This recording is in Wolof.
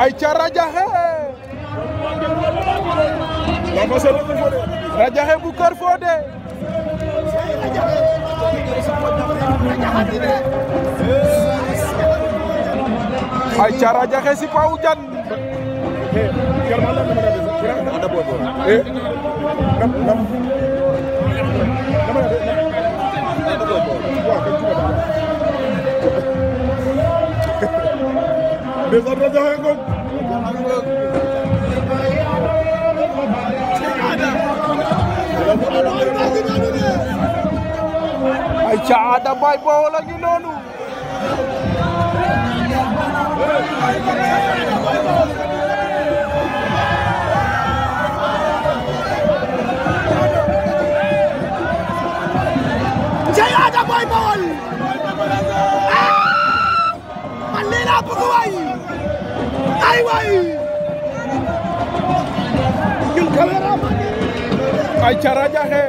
Aicha Rajaxe Raja He Bukar Fode. Aicha Rajaxe si Pau Jan eh Mbissane Rajo Ngom. ay ca Ada Boy Baol a ah! ngi noonu. ca Ada Boy Baol. ay waay gil kamera ay caraja xe